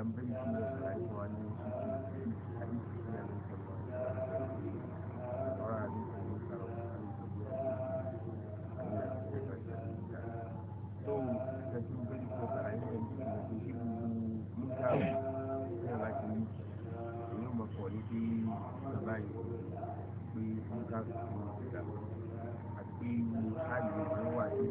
tambayi shi ne suna cewa ne shi ke hadisi suna ne sallallahu alaihi wasallam wa hadisi ne sallallahu alaihi wasallam so da shi ga shi ko da ayi ne shi ne shi mun ta ya ba shi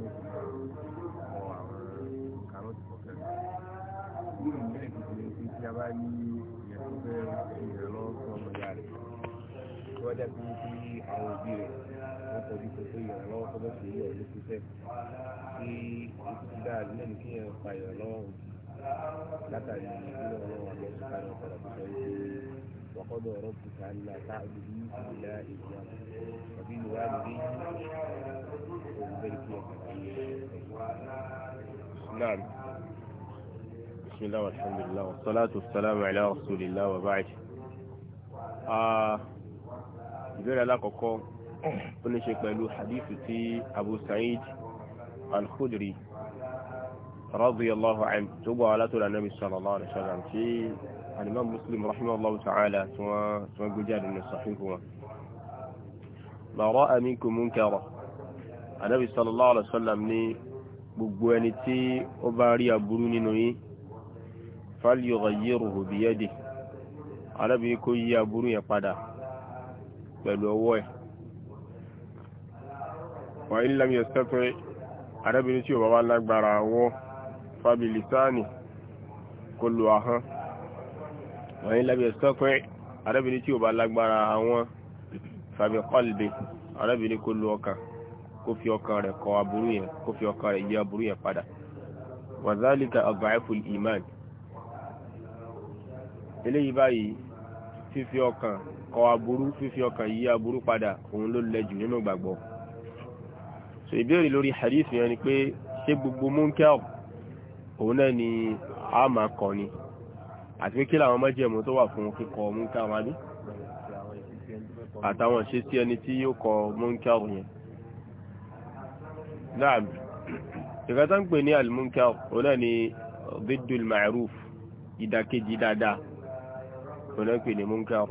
ìrànlọ́wọ́ tó bá ṣe yẹ̀ ní ṣiṣẹ́ tí ìtura lẹ́nu kí ẹ pa ìrànlọ́wọ́ látàrí ìdílé ọlọ́wọ́ àbọ̀ ṣùgbọ́n àwọn ọ̀pọ̀lọpọ̀ sọ wípé wàkọ́dọ̀ ọ̀rọ̀ bùkà ńlá táàbù ní ìlà ìlà tàbí ìwà ìdí ìbẹ̀rẹ̀ kí ẹ Naam. Bismillah walhamdulillah wa salatu wa salamu ala rasulillah wa ba'd. Ah, ìbéèrè alákọ̀ọ́kọ́ ó ní ṣe pẹ̀lú hadith tí abu sa'id al-khudri radiyallahu anhu tó gbọ́ alátọ́lá nabi sallallahu alaihi wasallam tí alimam muslim rahimahullahu ta'ala tí wọ́n gbé jáde ní sahihu wọn ma ra'a minkum munkara anabi sallallahu alaihi wasallam ní gbogbo ẹni tí ó bá rí aburú nínú yín falyughayyiruhu biyadihi alábìyí kó yí aburú yẹn padà pẹ̀lú ọwọ́ ẹ̀ Wa ní lam yastati' arábìnrin tí ò bá wá lágbára wọ́ fabilisani kó lo ahọ́n wà ní lam yastati' arábìnrin tí ò bá lágbára àwọn fabiqalbi arábìnrin kó lo ọkàn kó fi ọkàn rẹ̀ kọ aburú yẹn kó fi ọkàn rẹ̀ yí aburú yẹn padà wa dhalika ad'afu iman eléyìí báyìí fífi ọkàn kọ aburú fífi ọkàn yí aburú padà òun ló lẹ́jù nínú ìgbàgbọ́ so ìbéèrè lórí hadith yẹn ni pé ṣé gbogbo munkar òun náà ni a máa kọ ni àti pé kí làwọn májẹ̀mú tó wà fún kíkọ munkar wá ní àtàwọn ṣe sí ẹni tí ni diddul ma'ruf ìdàkejì dáadáa òun náà ń pè ní munkar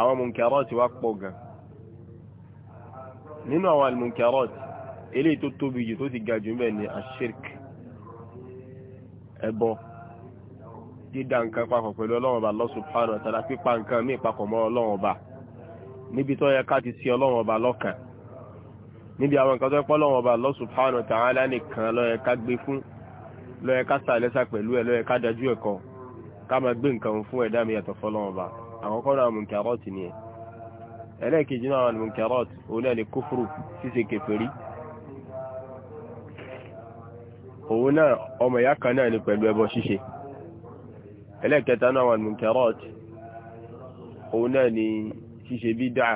àwọn munkarọ́ ti wá pọ̀ gan nínú àwọn almunkarat eléyìí tó tóbi jù tó ti ga jù mẹ́ ni ashirk ẹbọ dídá nǹkan papọ̀ pẹ̀lú ọlọ́run ọba Allah subhanahu wa ta'ala pípa nǹkan míì papọ̀ mọ́ ọlọ́run ọba níbi tó yẹ ká ti sí ọlọ́run ọba lọ́kàn níbi àwọn nǹkan tó yẹ pọ́ ọlọ́run ọba Allah subhanahu wa ta'ala nìkan ló yẹ ká gbé fún ló yẹ ká sàlẹ́sà pẹ̀lú ẹ̀ ló yẹ ká dájú ẹ̀kọ́ ká máa gbé nǹkan fún ẹ̀dá mi yàtọ̀ fọlọ́run ọba àkọ́kọ́ náà mùnkàrọ́ọ̀tì nìyẹn ẹlẹ́ẹ̀kejì náà àwọn munkarat òun náà ni kúfúrú ṣíṣe kèfèrí òun náà ọmọ ìyá kan náà ni pẹ̀lú ẹbọ ṣíṣe ẹlẹ́ẹ̀kẹta náà àwọn munkarat òun náà ni ṣíṣe bídà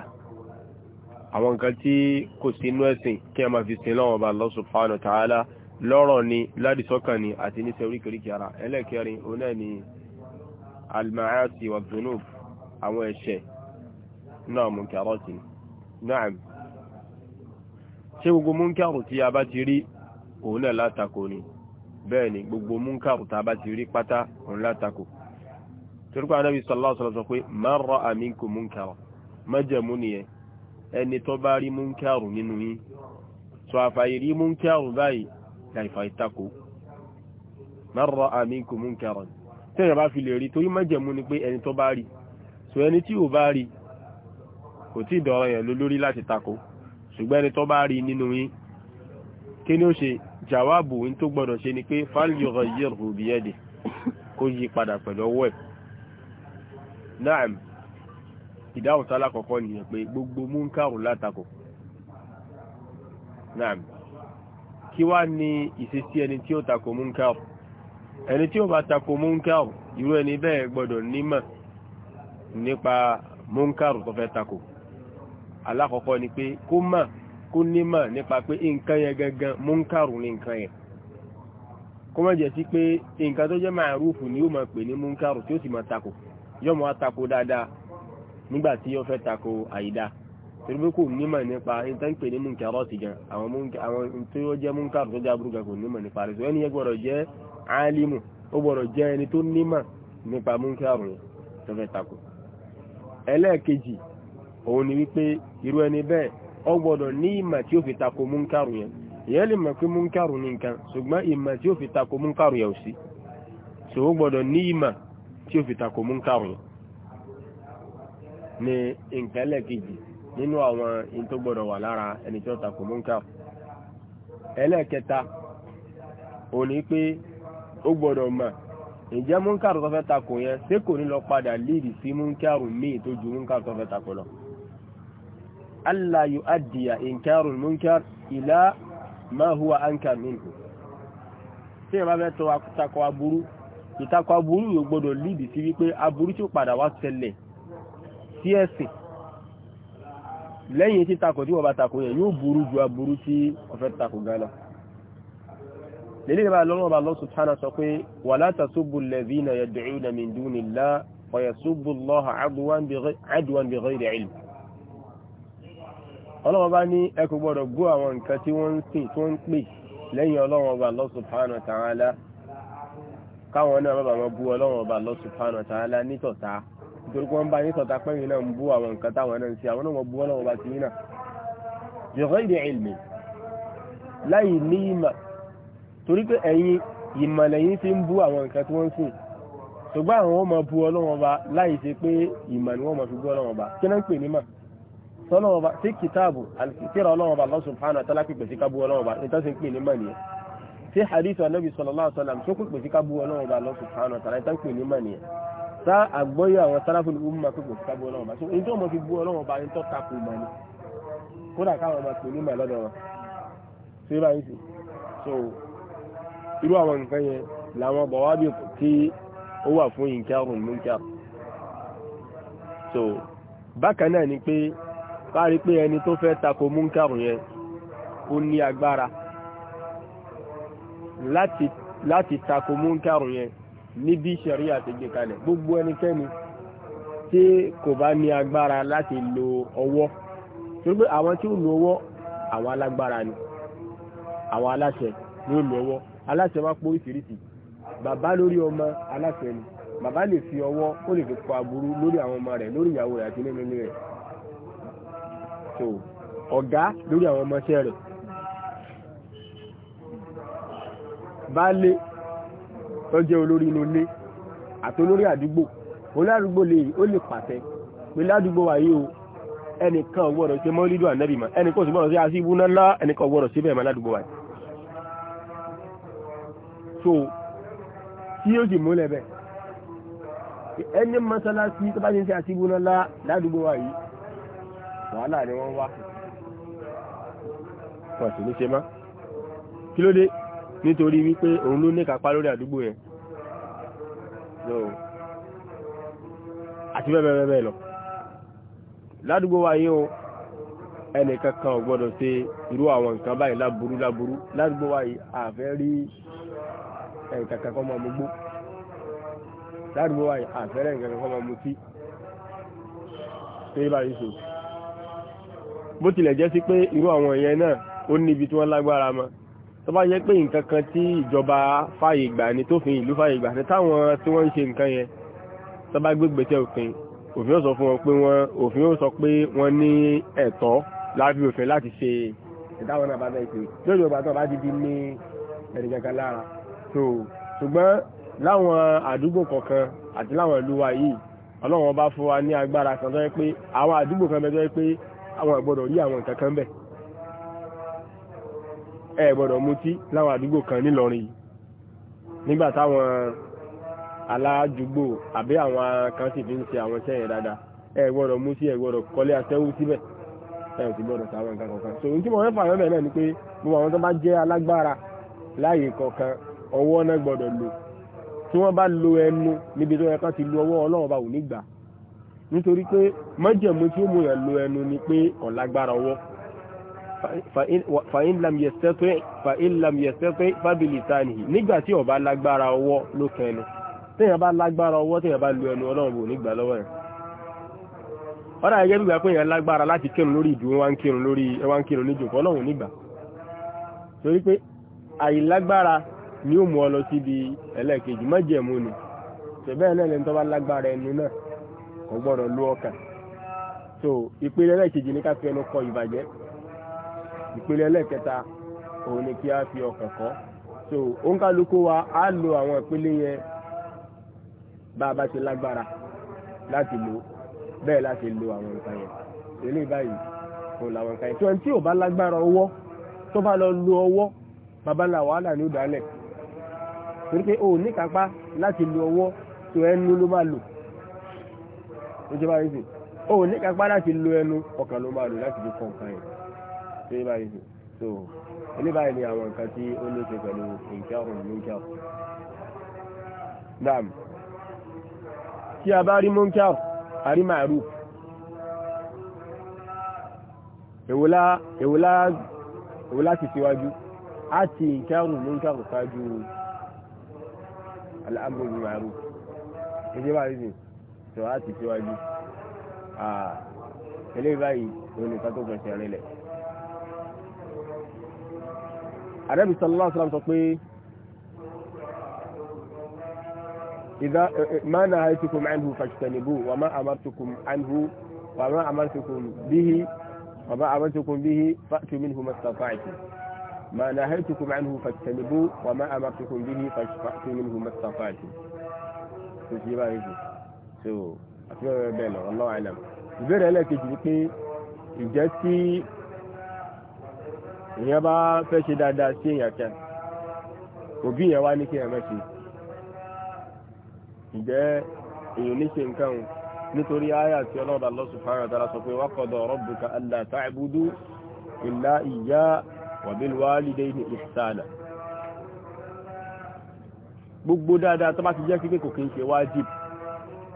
àwọn nǹkan tí kò sí inú ẹ̀sìn kí a máa fi sin lọ́wọ́ bá Allah subhanahu wa náà munkarati naam ṣé gbogbo munkaru tí a bá ti rí òun náà látakò ni bẹ́ẹ̀ ni gbogbo munkaru tá a bá ti rí pátá òun látakò torípa anábi sallallahu alaihi wasallam sọ pé man ra'a minkum munkara májẹ̀mú nìyẹn ẹni tó bá rí munkaru nínú yín sọ àfàyè rí munkaru báyìí láìfà ìtakò man ra'a minkum munkara tẹ́yìn bá fi lè rí torí májẹ̀mú ni pé ẹni tó bá rí so ẹni tí ò bá rí kò tí ìdọ̀rọ̀ yẹn ló lórí láti takò ṣùgbọ́n ẹni tó bá rí nínú yín kí ni ó ṣe jàwáàbù ń tó gbọ́dọ̀ ṣe ni pé falyughayyiru biyadihi kó yí padà pẹ̀lú ọwọ́ ẹ̀ naam ìdáhùn sálà kọ̀ọ̀kọ́ nìyẹn pé gbogbo múnkàrù látakò naam kí wá ní ìṣesí ẹni tí ó takò múnkàrù ẹni tí ó bá takò múnkàrù irú ẹni bẹ́ẹ̀ gbọ́dọ̀ nímọ̀ nípa múnkàrù tó fẹ́ takò alákọ̀ọ́kọ́ ni pé kó mọ̀ kó nímọ̀ nípa pé nǹkan yẹn gangan múnkàrù ní nǹkan yẹn kó má jẹ́ sí pé nǹkan tó jẹ́ màrúfù ni yóò máa pè ní múnkàrù tí ó sì máa takò yóò máa takò dáadáa nígbà tí yóò fẹ́ takò àyídá torí pé kò nímọ̀ nípa nǹkan pè ní múnkàrọ̀ ti gan àwọn tó yóò jẹ́ múnkàrù tó jábúrú gan kò nímọ̀ nípa rẹ̀ ẹni yẹn gbọ́dọ̀ jẹ́ álímù ó gbọ́dọ̀ jẹ́ ẹni tó nímọ̀ nípa múnkàrù tó fẹ́ takò ẹlẹ́ẹ̀kejì òun ni wípé irú ẹni bẹ́ẹ̀ ọ gbọ́dọ̀ ní ìmà tí ó fi tako múnkàrù yẹn ìyẹn lè mọ̀ pé múnkàrù ní nǹkan ṣùgbọ́n ìmà tí ó fi tako múnkàrù yẹn ò sí so ó gbọ́dọ̀ ní ìmà tí ó fi tako múnkàrù yẹn ni nǹkan ẹlẹ́ẹ̀kejì nínú àwọn in tó gbọ́dọ̀ wà lára ẹni tí ó tako múnkàrù ẹlẹ́ẹ̀kẹta òun ni pé ó gbọ́dọ̀ mọ̀ ǹjẹ́ múnkàrù tó fẹ́ tako yẹn ṣé kò ní lọ padà líìdì sí múnkàrù míì tó ju múnkàrù tó fẹ́ tako lọ. ألا يؤدي إنكار المنكر إلى ما هو أنكر منه tí ìrọ̀bá bẹ́ tọwà takọ aburú ìtakọ aburú yóò gbọdọ̀ lìdì sí wípé aburú tí ó padà wá ṣẹlẹ̀ sí ẹ̀sìn lẹ́yìn tí takọ̀ tí wọ́n bá takọ̀ yẹn yóò burú ju aburú tí ọ̀fẹ́ takọ̀ gánà lèlé ìrọ̀bá lọ́wọ́ lọ́sù tánà sọ pé wala tasubbu alladhina yad'una min dunillahi wa yasubbu Allaha adwan bighayri ilm ọlọ́wọ́n bá ní ẹ kò gbọ́dọ̀ gbó àwọn nǹkan tí wọ́n ń sìn tó ń pè lẹ́yìn ọlọ́wọ́n ọba Allah subhanahu wa ta'ala káwọn náà bàbá wọn bú ọlọ́wọ́n ọba Allah subhanahu wa ta'ala nítọ̀tá nítorí wọ́n bá nítọ̀tá pẹ́yìn náà ń bú àwọn nǹkan táwọn náà ń ṣe àwọn náà wọ́n bú ọlọ́wọ́n ọba tìyín náà jọ̀gọ́ ìdí ìlmì láì ní ìmọ̀ torí pé ẹ̀yin ìmọ̀ lẹ́yìn fi ń bú àwọn nǹkan tí wọ́n sìn ṣùgbọ́n àwọn wọn máa bú ọlọ́wọ́n ọba láì ṣe pé ìmọ̀ ni wọ́n máa fi bú ọlọ́wọ́n ọba kí náà ń pè ní mọ̀ tọ́lọ́wọ́ba tí kìtàbù tíra ọlọ́wọ́ba Allah subhanahu wa ta'ala pípẹ̀ sí kábú ọlọ́wọ́ba ìtọ́sí pè ní mọ̀nìyàn tí hadith anabi sallallahu alaihi wasallam tó pípẹ̀ sí kábú ọlọ́wọ́ba Allah subhanahu wa ta'ala ìtọ́sí pè ní mọ̀nìyàn tá àgbọ́yọ̀ àwọn sáráfù ní umma pípẹ̀ sí kábú ọlọ́wọ́ba tó ní tó mọ̀ fi bú ọlọ́wọ́ba ní tó takò mọ̀ ni kódà káwọn ọmọ pè ní mọ̀ lọ́dọ̀ wọn tó yẹ báyìí so irú àwọn nǹkan yẹn làwọn bọ̀wá bí tí ó wà fún inkar munkar so kárí pé ẹni tó fẹ́ tako múnkàrù yẹn ó ní agbára láti láti tako múnkàrù yẹn níbi ṣẹ̀rí àti gbé kalẹ̀ gbogbo ẹnikẹ́ni tí kò bá ní agbára láti lo ọwọ́ torí pé àwọn tí ó lo ọwọ́ àwọn alágbára ni àwọn aláṣẹ ni ó lo ọwọ́ aláṣẹ wá pọ̀ oríṣiríṣi bàbá lórí ọmọ aláṣẹ ni bàbá lè fi ọwọ́ ó lè fi kọ aburú lórí àwọn ọmọ rẹ̀ lórí ìyàwó rẹ̀ àti nínú ilé rẹ̀ so ọ̀gá lórí àwọn ọmọọṣẹ́ rẹ̀ baálé tó jẹ́ olórí inú ilé àti olórí àdúgbò olárúgbò lè ó lè pàtẹ pé ládùúgbò wa yìí o ẹnìkan ò gbọ́dọ̀ ṣe mọ́lídù ànábì mọ́ ẹnìkan sì gbọ́dọ̀ sí aṣíbú ńlá ẹnìkan ò gbọ́dọ̀ sí bẹ́ẹ̀ mọ́ ládùúgbò wa so tí yóò sì múlẹ̀ bẹ́ẹ̀ ẹni mọ́sálásí tó bá ti ń ṣe aṣíbú ńlá ládùúgbò wa yìí wàhálà ni wọ́n wá wọ́n sì ní ṣe má kí ló dé nítorí wípé òun ló ní kápá lórí àdúgbò yẹn àti bẹ́ẹ̀ bẹ́ẹ̀ lọ ládùúgbò wa o ẹnìkan kan ò gbọ́dọ̀ ṣe irú àwọn nǹkan báyìí láburú láburú ládùúgbò wa yìí àfẹ́ rí ẹnìkan kan kọ́ máa mú gbó ládùúgbò wa yìí àfẹ́ rẹ̀ ẹnìkan kan kọ́ máa mú tí bó tilẹ̀ jẹ́ sí pé irú àwọn ìyẹn náà ó níbi tí wọ́n lágbára mọ́ tó bá yẹ pé nǹkan kan tí ìjọba fàyè gbà ni tó fi ìlú fàyè gbà ni táwọn tí wọ́n ń ṣe nǹkan yẹn tó bá gbégbé tẹ òfin òfin ó sọ fún wọn pé wọ́n òfin ó sọ pé wọ́n ní ẹ̀tọ́ lábí òfin láti ṣe ìdáwọn náà bá bẹ́ẹ̀ ṣe tí òjò ìgbà bá ti ní ẹ̀rì kankan lára so ṣùgbọ́n láwọn àdúgbò kọ̀ọ̀kan àti láwọn ìlú wa yìí ọlọ́run ọba fún wa ní agbára kan tó yẹ pé àwọn àdúgbò kan bẹ tó yẹ pé àwọn ìgbọ́dọ̀ rí àwọn nǹkan kan bẹ́ẹ̀ ẹ gbọ́dọ̀ mutí láwọn àdúgbò kan nílọrin yìí nígbà táwọn aláàjúgbò àbí àwọn kan sì fi ń ṣe àwọn iṣẹ́ yẹn dáadáa ẹ gbọ́dọ̀ mutí ẹ gbọ́dọ̀ kọ́lé aṣẹ́wó síbẹ̀ ẹ sì gbọ́dọ̀ sáwọn nǹkan kọ̀ọ̀kan so ohun tí mo fẹ́ fà mẹ́bẹ̀ náà ni pé gbogbo àwọn tó bá jẹ́ alágbára láàyè kọ̀ọ̀kan ọwọ́ náà gbọ́dọ̀ lò tí wọ́n bá lo ẹnu níbi tó yẹ ká ti lo ọwọ́ ọlọ́run bá wù nígbà nítorí pé májẹ̀mú tí ó mú yàn lo ẹnu ni pé ọ̀lágbára ọwọ́ fa'in lam yẹ̀sẹ́tẹ́ fabilitanihi nígbà tí ó bá lágbára ọwọ́ ló kẹnu tíyàn bá lágbára ọwọ́ tíyàn bá lu ẹnu ọlọ́run bò nígbà lọ́wọ́ ẹ̀ ọ́dá ẹgẹ́ gbígbà pé èyàn lágbára láti kírun lórí ìdúró wá ń kírun lórí ẹwà ń kírun ní jòkó ọlọ́run nígbà torí pé àìlágbára ni ó mú ọ lọ síbi ẹlẹ́ẹ̀kejì mọ́jẹ̀mú ni ṣẹ̀bẹ́ẹ̀ kò gbọ́dọ̀ lo ọkàn so ìpele ẹlẹ́ẹ̀kejì ní ká fi ẹnu kọ ìbàjẹ́ ìpele ẹlẹ́ẹ̀kẹta òun ni kí a fi ọkàn kọ́ so òǹkàlùkù wa á lo àwọn ìpele yẹn bá a bá ṣe lágbára láti lo bẹ́ẹ̀ láti lo àwọn nǹkan yẹn ilé báyìí òun làwọn nǹkan yẹn tí wọn tí ò bá lágbára ọwọ́ tó bá lọ lo ọwọ́ bàbá ńlá wàhálà ní ìdálẹ̀ torí pé òun níkápá láti lo ọwọ́ tó ẹnu ló bá lò ìjọba yìí sì ó ní kápá láti lo ẹnu ọkàn ló máa lò láti fi kọ́ nǹkan yẹn tó yẹ báyìí sì so oníbàyìí ni àwọn nǹkan tí ó ní ṣe pẹ̀lú nǹkan òun ní nǹkan dam tí a bá rí munkar a rí ma'ruf èwòlá èwòlá èwòlá ti síwájú a ti nǹkan òun ní nǹkan ṣáájú al'amru bil ma'ruf ìjọba yìí sì sọ á ti síwájú eléyìí báyìí òun nìkan tó fẹsẹ̀ rìn lẹ̀. àdẹ́bí sallallahu alaihi wasallam sọ pé ìdá máa náà haytukum anhu fajtanibu wà má amartukum anhu wà má amartukum bihi wà má amartukum bihi fa'tu minhu mastata'tum. ما نهيتكم عنه فاجتنبوه وما أمرتكم به فاشفعتم منه ما استطعتم تجيبها يجي so àti bẹ́ẹ̀ bẹ́ẹ̀ lọ ọlọ́wà ilẹ̀ ìbéèrè ẹlẹ́ẹ̀kejì ni pé ǹjẹ́ tí èèyàn bá fẹ́ ṣe dáadáa sí èèyàn kan òbí yẹn wá ní kí èèyàn mẹ́ṣe ǹjẹ́ èèyàn ní ṣe nǹkan o nítorí àyà tí ọlọ́ọ̀dà Allah subhanahu wa ta'ala sọ pé wa qada rabbuka alla ta'budu illa iya wa bil walidayni ihsana gbogbo dáadáa tó bá ti jẹ́ sí pé kò kí ń ṣe wájib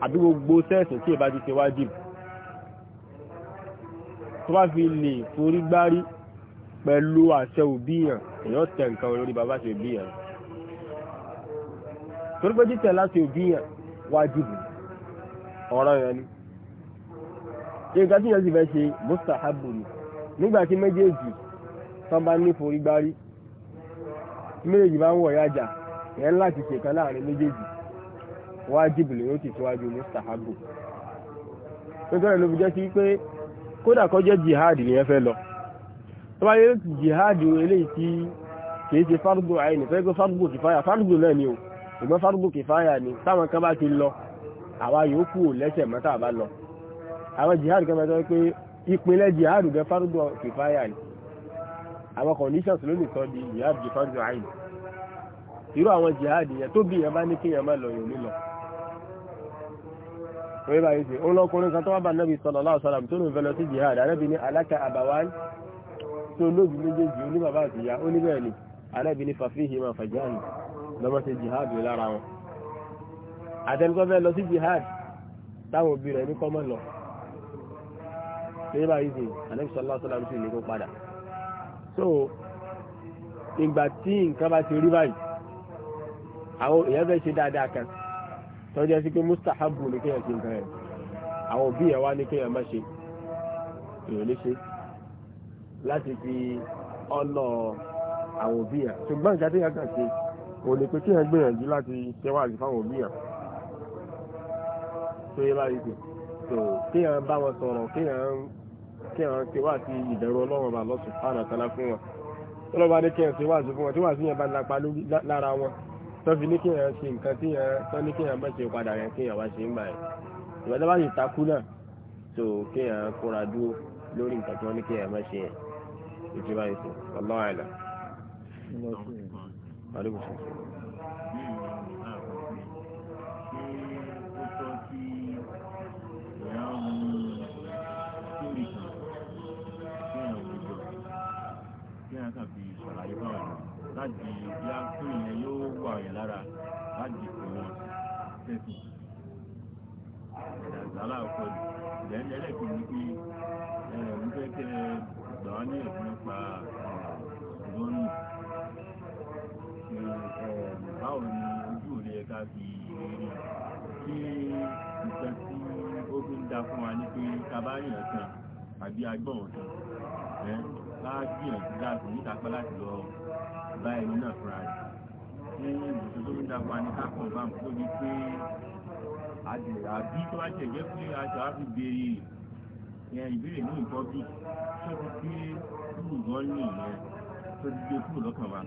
àbí gbogbo sẹ́ẹ̀sì tí ìbá ti ṣe wájib tó bá fi lè forí gbárí pẹ̀lú àṣẹ òbí yàn èèyàn tẹ̀ nǹkan olórí bàbá ṣe òbí yàn torí pé títẹ̀ láti òbí yàn wájib ọ̀rọ̀ yẹn ni nǹkan tí yẹn sì fẹ́ ṣe mustahabu ni nígbà tí méjèèjì tán bá ní forí gbárí méjèèjì bá ń wọ̀ yájà yẹn láti ṣèkan láàrin méjèèjì wájibù lèyìn ó ti síwájú mustahabu nítorí ló fi jẹ́ sí pé kódà kó jẹ́ jihad nìyẹn fẹ́ lọ tó bá yẹ jihad eléyìí tí kìí ṣe fárúgbò àìní fẹ́ gbé fárúgbò kìfáyà fárúgbò náà ni o ìgbọ́n fárúgbò kìfáyà ni táwọn kan bá ti lọ àwa yòókù ò lẹ́sẹ̀ mọ́tà bá lọ àwọn jihad kan bá tọ́ pé ìpínlẹ̀ jihad gan fárúgbò kìfáyà ni àwọn conditions ló nìkan di jihad jù fárúgbò àìní irú àwọn jihad yẹn tó bí yẹn bá ní kéèyàn má lọ yòó nílọ wọ́n yíba yìí sí òun lọ́kùnrin kan tó wá bá nẹ́bí sallallahu alaihi wasallam tó ló ń fẹ́ lọ sí jihad ànábì ní alaka àbáwán tó lóògùn méjèèjì ó ní bàbá àti ìyá ó ní bẹ́ẹ̀ ni ànábì ní fàfihì máa fàjáàlì lọ́mọ sí jihad lára wọn àtẹnukọ́ fẹ́ lọ sí jihad táwọn òbí rẹ̀ ní kọ́mọ̀ lọ nígbà yìí ànábì sallallahu alaihi wasallam sì ní kó padà so ìgbà tí nǹkan bá ti rí báyìí àwọn èèyàn fẹ́ ṣe dáadáa tọ́jọ́ sí pé mustahabu ní kéèyàn sí nǹkan ẹ̀ àwọn òbí ẹ̀ wá ní kéèyàn má ṣe èèyàn ní ṣe láti fi ọ̀nà àwọn òbí ẹ̀ ṣùgbọ́n ìjà téèyàn kàn ṣe kò ní pé kéèyàn gbìyànjú láti tẹ́wàjú fáwọn òbí ẹ̀ tó yẹ báyìí kù tó kéèyàn bá wọn sọ̀rọ̀ kéèyàn kéèyàn ti wá sí ìbẹ̀rù ọlọ́run bá lọ́sùn fáànà tọ́lá fún wọn tọ́lọ́ bá tó fi ní kí èèyàn ṣe nǹkan tí èèyàn tó ní kí èèyàn má ṣe padà yẹn kí èèyàn wá ṣe ń gbà yẹn ìgbà tó bá sì takú náà tó kí èèyàn kóra dúró lórí nǹkan tí wọ́n ní kí èèyàn má ṣe yẹn ìdí báyìí sí ọlọ́run àìlà. Yeah, I can't be sure. I don't know láti bí a ń pè yẹn yóò wà yẹn lára láti pè wọn tẹ̀sí ìdàgbàlá ọkọ rẹ̀ ìdẹ́ni ẹlẹ́kùn ní pé ẹ̀rùn fẹ́ kẹ́ gbà wá ní ẹ̀kún nípa ìdọ́nù báwo ni ojú òde ẹ̀ka fi rí kí nǹkan tí ó fi ń da fún wa ní pé ká bá yàn kan àbí agbọ̀n ọ̀sán ká gbìyànjú láti nígbàgbọ́ láti lọ bá ẹni náà fúnra rẹ̀ ní ìbùsùn tó ń dàgbà ní kákan bá ń kó ní pé àbí tó bá jẹ̀ jẹ́ pé aṣọ á fi béèrè e, ìbéèrè ní nǹkan bí tó ti gbé kúrò gan ní ìyẹn tó ti gbé kúrò lọ́kàn wa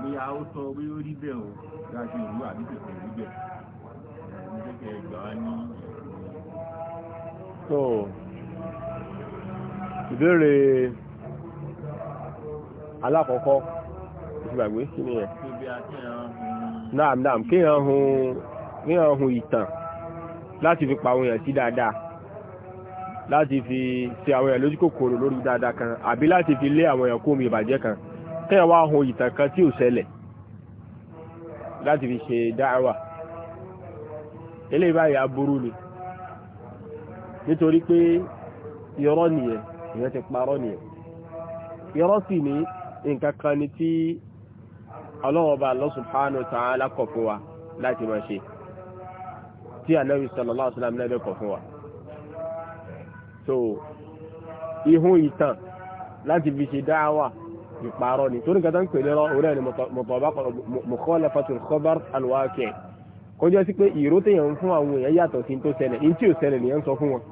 bóyá ó sọ pé ó rí bẹ́ẹ̀ o láti ìlú àbí tètè rí bẹ́ẹ̀ ní kékeré ìgbà wa ní ìlú ìbéèrè alákọ̀ọ́kọ́ ìgbàgbé kí ni ẹ̀ náà náà kíyàn hun ìtàn láti fi pa àwọn èèyàn sí dáadáa láti fi ṣe àwọn èèyàn lójú kòkòrò lórí dáadáa kan àbí láti fi lé àwọn èèyàn kó omi ìbàjẹ́ kan kíyàn wá hun ìtàn kan tí ò ṣẹlẹ̀ láti fi ṣe dáhàwà eléyìí báyìí aburú ni nítorí pé irọ́ nìyẹn ìyẹn ti parọ́ nìyẹn irọ́ sì ní nǹkan ni tí ọlọ́wọ́ba Allah subhanahu wa ta'ala kọ̀ fún wa láti máa ṣe tí ànábì sallallahu alaihi wasallam náà kọ̀ fún so ihun ìtàn láti fi ṣe dáwà ìparọ́ ni torí nǹkan tó ń pè lérọ́ khabar al-waqi' kọjá sí pé ìró téèyàn ń fún àwọn èèyàn yàtọ̀ sí tó ṣẹlẹ̀ ní tí ò ṣẹlẹ̀ nìyẹn sọ fún wọn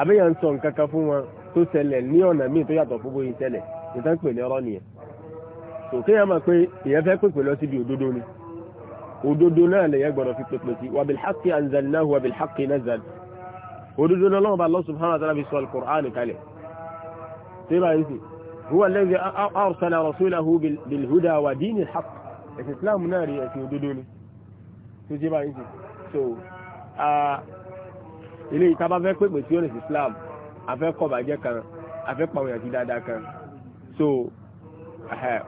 àbẹ́yà ń sọ nǹkan kan fún wọn tó ṣẹlẹ̀ ní ọ̀nà míì tó yàtọ̀ fún bóyá ṣẹlẹ̀ nǹkan pè ní ọ̀rọ̀ nìyẹn tó kéèyàn máa pé èèyàn fẹ́ pèpè lọ síbi òdodo ni òdodo náà lèyàn gbọ́dọ̀ fi pèpè sí wàbí hàkì anzalnahu wàbí hàkì nazal òdodo náà lọ́wọ́ bá Allah subhanahu wa ta'ala fi sọ alukur'an kalẹ̀ tí bá yìí huwa alladhi arsala rasulahu bil wa dini haqq ẹ̀sìn islam náà rí ẹ̀sìn òdodo ni tó tí bá so ilé yìí tábà fẹ́ pèpè sí oníṣẹ́ Islam afẹ́ kọ̀ bàjẹ́ kan afẹ́ pàwọn èèyàn ti dáadáa kan so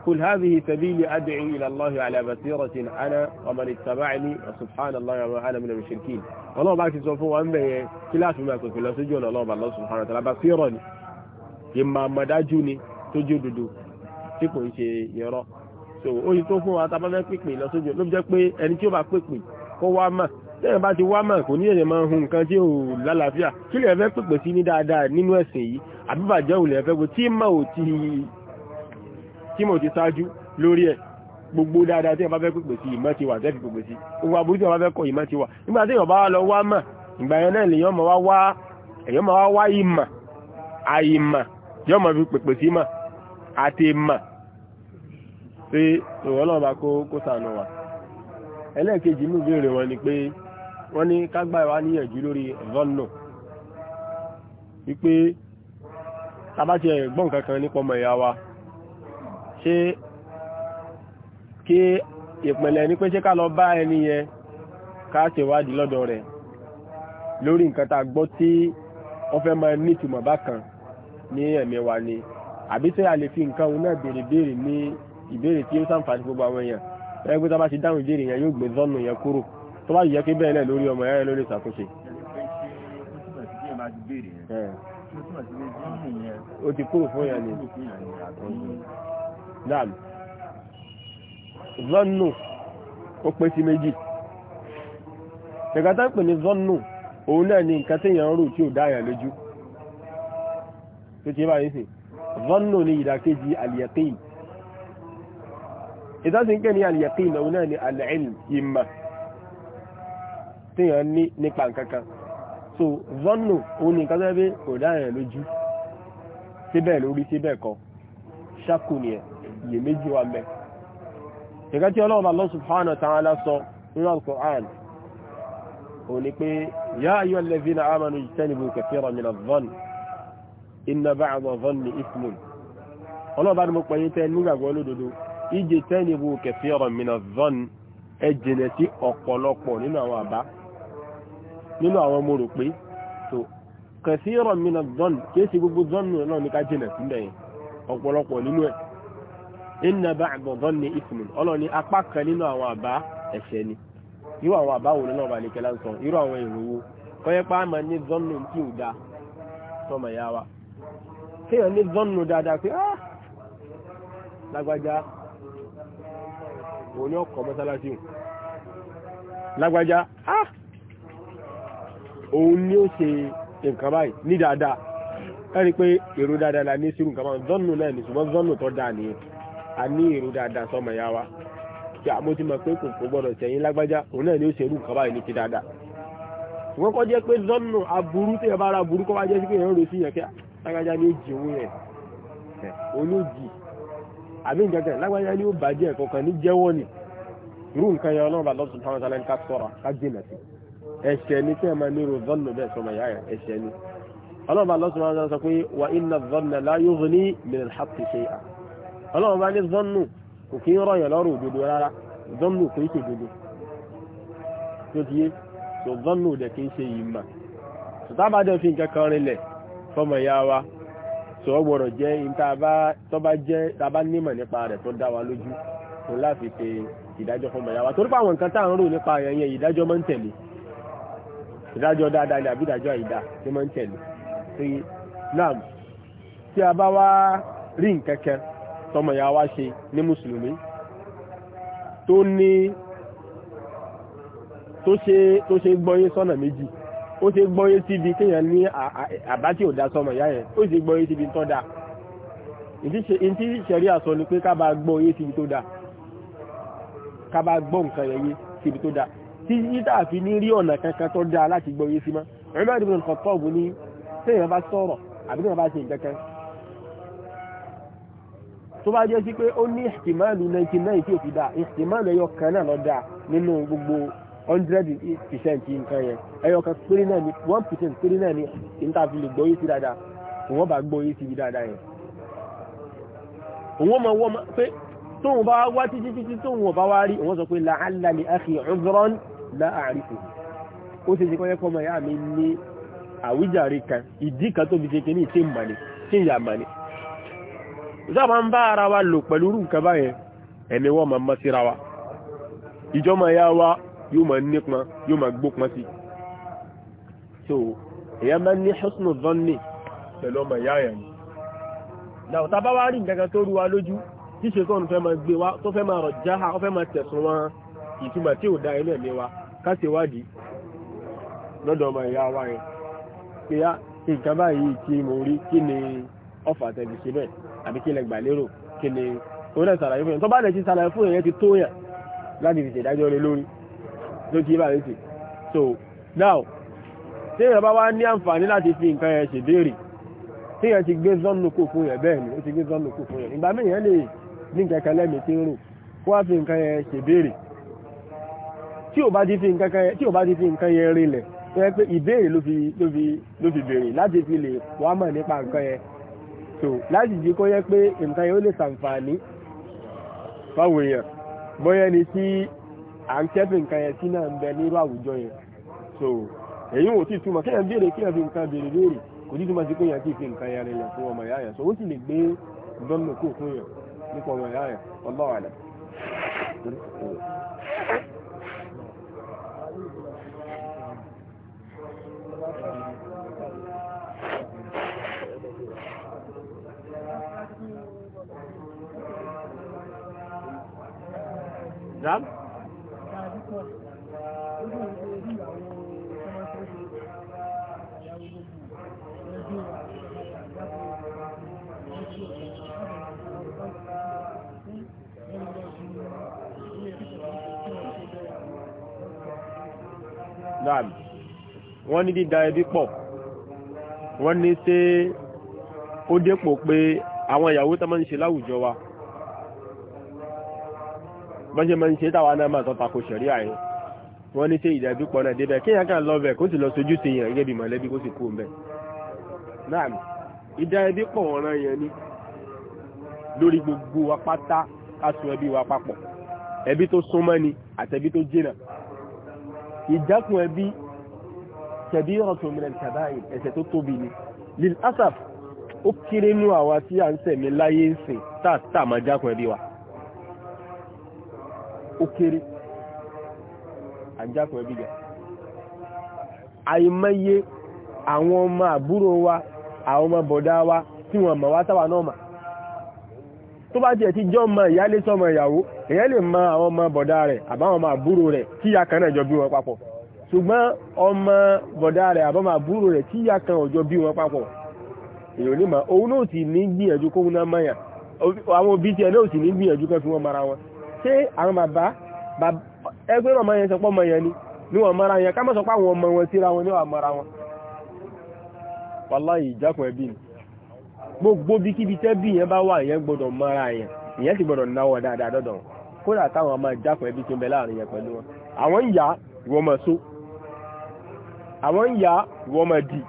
قل هذه سبيلي أدعو إلى الله على بصيرة أنا ومن اتبعني وسبحان الله وما أنا من المشركين والله بارك سوفو أنبه كلاس ما كنت لا سجون الله بالله سبحانه وتعالى بصيرا يما مداجوني تجددو tí kò ń ṣe yẹrọ so ó yí tó fún wa tá a bá fẹ́ pèpè lọ sójú ló jẹ́ pé ẹni tí ó bá pèpè kó wá mà tẹ́yìn bá ti wá mọ̀ kò ní èyàn máa hun nǹkan tí ò lálàáfíà kí lè fẹ́ pèpè sí ní dáadáa nínú ẹ̀sìn yìí àbíbàjẹ́ ò lè fẹ́ pé tí mọ̀ ò ti ṣáájú lórí ẹ̀ gbogbo dáadáa tẹ́yìn bá fẹ́ pèpè sí ìmọ̀ ti wà tẹ́fì pèpè sí gbogbo àbúrú tẹ́yìn bá wọ́n ní kágbà ìwá níyànjú lórí zọ́nà wípé tàbátí ẹ̀gbọ́n kankan nípa ọmọ ìyá wa ṣe kí ìpìnlẹ̀ ní pé ṣe ká lọ bá ẹni yẹn ká ṣèwádìí lọ́dọ̀ rẹ̀ lórí nǹkan tá gbọ́ tí wọ́n fẹ́ máa ní ìtumọ̀ bákan ní ẹ̀mí wa ni àbí tí a lè fi nǹkan òun náà béèrè béèrè ní ìbéèrè tí ó ṣàǹfààní gbogbo àwọn èèyàn ẹgbẹ́ tá dáhùn ìbéèrè yẹn yóò gbé zọ́nù yẹn kúrò tó bá yẹ kí bẹ́ẹ̀ náà lórí ọmọ ẹ̀rẹ́ lórí ìṣàtúnṣe. ó ti kúrò fún yẹn ni dam zọ́nù ó pé sí méjì ìkàtà pè ní zọ́nù òun náà ni nǹkan tí èèyàn ń rò tí ò dáyà lójú tó ti bá yìí zọ́nù ni ìdàkejì al-yaqin ìtàsí ń òun náà ni al téèyàn ní nípa nǹkan so zọ́nù òun ni nǹkan tó yẹ pé kò dá èèyàn lójú síbẹ̀ lórí síbẹ̀ kọ ṣákù ni ẹ̀ iyèméjì wa mẹ́ nǹkan tí ọlọ́run Allah subhanahu wa ta'ala sọ nínú al-Qur'an òun ni pé ya ayyuhal ladhina amanu ijtanibu kathiran min adh-dhann inna ba'da adh-dhanni ithmun ọlọ́run bá ní mo pè yín tẹ́ nígbàgbọ́ lódodo ijtanibu kathiran min nínú àwọn àbá nínú àwọn ọmọ rò pé tó kẹsí ìrọ̀ mìíràn zọ́n kìí ṣe gbogbo zọ́n nù náà ní ká jìnà sílẹ̀ yẹn ọ̀pọ̀lọpọ̀ nínú ẹ̀ inna ba'da dhanni ismun ọlọ́run ní apá kan nínú àwọn àbá ẹ̀ṣẹ̀ ni irú àwọn àbá wo náà bá ní kẹlá ń sọ irú àwọn èrò wo kọ́yẹ́ pa máa ní zọ́n tí ò da sọmọ ya, wa kéèyàn ní zọ́n nù dáadáa pé ah lágbájá òun ọkọ̀ mọ́sálásí lágbájá ah òun ni ó ṣe nǹkan báyìí ní dáadáa ẹni pé èrò dáadáa la ní sírù nǹkan zọ́nù náà ní ṣùgbọ́n zọ́nù tó dáa ni a ní èrò dáadáa sọmọ ìyá wa pé àmọ́ ti mọ̀ pé kò kò gbọ́dọ̀ tẹ̀yìn lágbájá òun náà ni ó ṣe irú nǹkan báyìí ní ti dáadáa ṣùgbọ́n kọ́ jẹ́ pé zọ́nù aburú tó yẹ bá ra aburú kọ́ bá jẹ́ sí pé èèyàn rò sí yẹn kí lágbájá ni ó jì òun yẹn òun àbí nǹkan lágbájá ni ó bàjẹ́ kọ̀ọ̀kan ní jẹ́wọ́ ni irú nǹkan yẹn ọlọ́run bá lọ́sùn táwọn sálẹ́ ń ká sọ̀rọ̀ ká jìnà sí i ẹ̀ṣẹ̀ ni kí ẹ máa nírò zọ́nù bẹ́ẹ̀ sọmọ ìyá yẹn ẹ̀ṣẹ̀ ni ọlọ́run bá lọ́sùn máa ń sọ pé wà iná zọ́nù la yughni min al-haqqi shay'a ọlọ́run bá ní zọ́nù kò kí ń rọ̀yàn lọ́rùn òdodo rárá zọ́nù kò í ṣe òdodo tó ti yé tó zọ́nù dẹ̀ kí ń ṣe yìí mà sọtábà dẹ̀ fi nǹkan kan rinlẹ̀ fọmọ ìyá wa sọ gbọ́dọ̀ jẹ́ tọ́ba jẹ́ tàbá nímọ̀ tó dá wa tá à ń ìdájọ́ dáadáa ni àbí ìdájọ́ àìdá tí máa ń tẹ̀lé sí náà tí a bá wá rí nkẹ́kẹ́ tọmọ ìyá wa ṣe ní mùsùlùmí tó ní tó ṣe tó ṣe gbọ́yé sọ́nà méjì ó ṣe gbọ́yé síbi kéèyàn ní àbá tí ò dá sọmọ ìyá yẹn ó ṣe gbọ́yé síbi tó dáa ìdí ìṣẹ̀rí àsọ ni pé ká bá gbọ́ yé síbi tó dáa ká bá gbọ́ nǹkan yẹn yé síbi tó dáa tí yíta fi ní rí ọ̀nà kankan tó dáa láti gbọ́ yé sí mọ́ Umar ibn al-Khattab ní téèyàn bá sọ̀rọ̀ àbí téèyàn bá ṣe nǹkan kan tó bá jẹ́ sí pé ó ní ìhtìmáàlù 99 tí ò fi dáa ìhtìmáàlù ẹyọ kan náà lọ dáa nínú gbogbo 100% nǹkan yẹn ẹyọ kan péré náà ni 1% péré náà ni níta fi lè gbọ́ yé sí dáadáa òun bá gbọ́ yé sí dáadáa yẹn òun wọ́n tóun bá wá títí títí tóun ọ̀bá wá rí òun sọ pé làálàá ni akhi udhran láàrífò ó ṣe ṣe kọ́yẹ́kọ́ ọmọ ìyá mi ní àwíjàre kan ìdí kan tó fi ṣe kìíní tí mà ní tí ìyà mà ní ìsáàbà bá ara wa lò pẹ̀lú rú nǹkan báyẹn ẹ̀mí wọ́n máa mọ́ síra wa ìjọmọ ìyá wa yóò máa nípọn yóò máa gbópọn sí so èyàn máa ní husnu zanni pẹ̀lú ọmọ ìyá yẹn náà tá bá wá rí nǹkan tó rú wa lójú tí ṣe tó ń fẹ́ máa gbé wa tó fẹ́ máa rọ̀ jáhà ó fẹ́ máa tẹ̀sùn wọn ìtumọ̀ tí ò dá inú wa kásìwádìí lọ́dọ̀ ọmọ ìyá wa yẹn pé á nǹkan báyìí tí mo rí kí ni ọfà tẹ̀lé ṣe bẹ́ẹ̀ àbí kí lẹ gbà lérò kí ni òun náà ṣàlàyé fún yẹn tó bá lè ti ṣàlàyé fún yẹn ti tó yàn láti fi ṣèdájọ́ rẹ lórí ló ti bá rẹ sí so now tí èèyàn bá wá ní àǹfààní láti fi nǹkan yẹn ṣèbéèrè tí èèyàn ti gbé zọ́nù kò fún yẹn bẹ́ẹ̀ ni ó ti gbé zọ́nù kò fún yẹn ìgbà mí lè ní nǹkan lẹ́mìí tí ń rò kó wá fi nǹkan yẹn ṣèbéèrè tí ò bá ti fi nǹkan kan tí ò bá ti fi nǹkan yẹn rinlẹ̀ tó yẹ pé ìbéèrè ló fi ló fi ló fi béèrè láti fi lè wá mọ̀ nípa nǹkan yẹn so láti jí kó yẹ pé nǹkan yẹn ó lè ṣàǹfààní fáwọn èèyàn bóyá ẹni tí à ń kẹ́fì nǹkan yẹn sí náà ń bẹ nírú àwùjọ yẹn so èyí ò tí túmọ̀ kéèyàn béèrè kéèyàn fi nǹkan béèrè béèrè kò tí túmọ̀ sí pé yẹn ti fi nǹkan yẹn rinlẹ̀ fún ọmọ ìyá yẹn so ó sì lè gbé gbọ́nà kó fún yẹn nípa ọmọ ìyá yẹn ọlọ́wàlẹ̀. Zam? Zam. Wọ́n ní dídá ẹbí pọ̀. Wọ́n ní ṣé ó dépò pé àwọn ìyàwó tó máa ń ṣe láwùjọ wa wọ́n ṣe máa ń ṣe táwa náà máa tọ́ta kò ṣẹ̀rí àyè wọ́n ní ṣe ìdàbí pọ̀ náà débẹ̀ kéèyàn kàn lọ kó sì lọ sojú sí yàn gẹ́gẹ́ mọ̀lẹ́bí kó sì kú mbẹ̀ náà ìdàbí pọ̀ ọ̀ràn yẹn ni lórí gbogbo wa pátá ká so ẹbí wa papọ̀ ẹbí tó súnmọ́ ni àtẹbí tó jìnà ìjákun ẹbí tẹ̀bí ọ̀tún mi lẹ́nu ẹ̀ṣẹ̀ tó tóbi ni lil asaf ó kéré nú àwa tí à ń sẹ̀mí láyé ń sìn tá àtàmájákun ẹbí wa okere kéré àjákùn ẹbí gà àìmọye àwọn ọmọ àbúrò wa àwọn ọmọ bọ̀dá wa tí wọ́n mọ̀ wá sáwà náà mà tó bá ti jọ́ ọmọ ìyálé sọmọ ìyàwó èyàn lè mọ àwọn ọmọ bọ̀dá rẹ̀ àbáwọn ọmọ àbúrò rẹ̀ tí kan náà jọ bí wọn papọ̀ ṣùgbọ́n ọmọ bọ̀dá rẹ̀ àbáwọn àbúrò rẹ̀ tí kan bí wọn papọ̀ ní òun náà sì ní gbìyànjú kóhun náà àwọn òbí tiẹ̀ náà sì ní gbìyànjú kan fi wọ́n mara wọn ṣé àwọn bàbá ẹgbẹ́ ọmọ yẹn sọpọ́ ọmọ yẹn ni ní wọ́n mara yẹn ká mọ́ sọpọ́ àwọn ọmọ wọn síra wọn ní wọ́n mara wọn wàláyìí ìjákùn ẹbí ni gbogbo bí kíbi tẹ́bí yẹn bá wà yẹn gbọ́dọ̀ mara yẹn ìyẹn sì gbọ́dọ̀ náwọ̀ dáadáa dọ́dọ̀ wọn kódà táwọn ọmọ ìjákùn ẹbí tó ń bẹ láàrin yẹn pẹ̀lú wọn àwọn ń yá ìwọ mọ̀ só àwọn ń yá ìwọ mọ̀ dì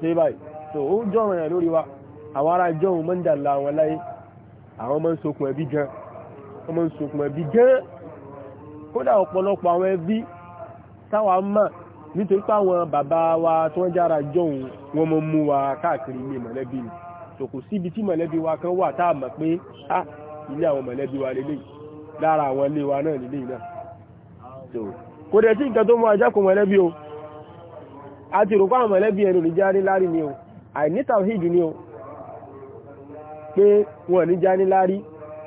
ṣe báyìí tó ó jọ̀rọ̀ yẹn lórí wa àwọn ará jọ̀hún mọ́ ń dà la láyé àwọn ọmọ ń sokùn ẹbí gan ọmọ ń sokùn ẹbí gán kódà ọ̀pọ̀lọpọ̀ àwọn ẹbí táwa mọ̀ nítorí pé àwọn bàbá wa tó ń jára jọ̀hún wọn mọ mú wa káàkiri ilé mọ̀lẹ́bí ni tòkò síbi tí mọ̀lẹ́bí wa kan wà tá a mọ̀ pé ah ilé àwọn mọ̀lẹ́bí wa lélẹ́yìí lára àwọn ilé wa náà lélẹ́yìí náà kò dẹ̀ sí nǹkan tó mú ajá kò mọ̀lẹ́bí o àti rò fáwọn mọ̀lẹ́bí ẹnu ní jáde lárí ni o àìní tàwíìdù ni o pé wọn ní jáde lárí